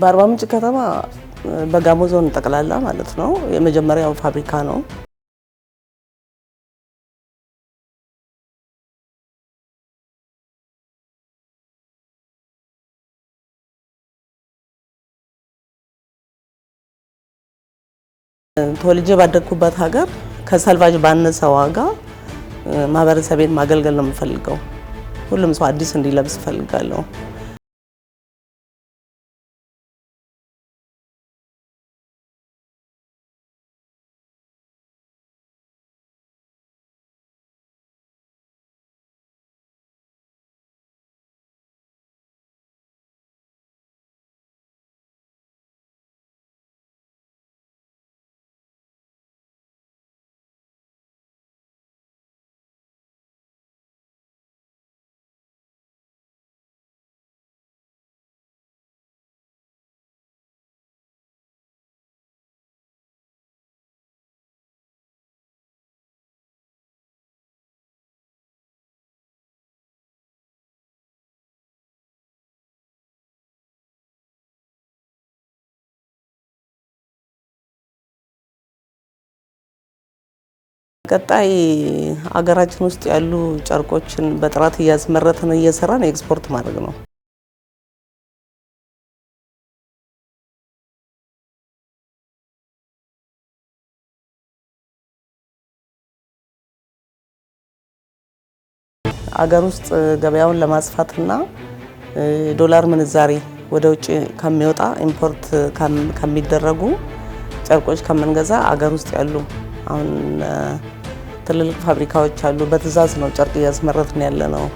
በአርባ ምንጭ ከተማ በጋሞ ዞን ጠቅላላ ማለት ነው የመጀመሪያው ፋብሪካ ነው። ተወልጄ ባደግኩበት ሀገር ከሰልቫጅ ባነሰ ዋጋ ማህበረሰቤን ማገልገል ነው የምፈልገው። ሁሉም ሰው አዲስ እንዲለብስ እፈልጋለሁ። ቀጣይ አገራችን ውስጥ ያሉ ጨርቆችን በጥራት እያስመረትን እየሰራን ኤክስፖርት ማድረግ ነው። አገር ውስጥ ገበያውን ለማስፋትና ዶላር ምንዛሬ ወደ ውጭ ከሚወጣ ኢምፖርት ከሚደረጉ ጨርቆች ከምንገዛ አገር ውስጥ ያሉ አሁን ትልልቅ ፋብሪካዎች አሉ። በትእዛዝ ነው ጨርቅ እያስመረትን ያለ ነው።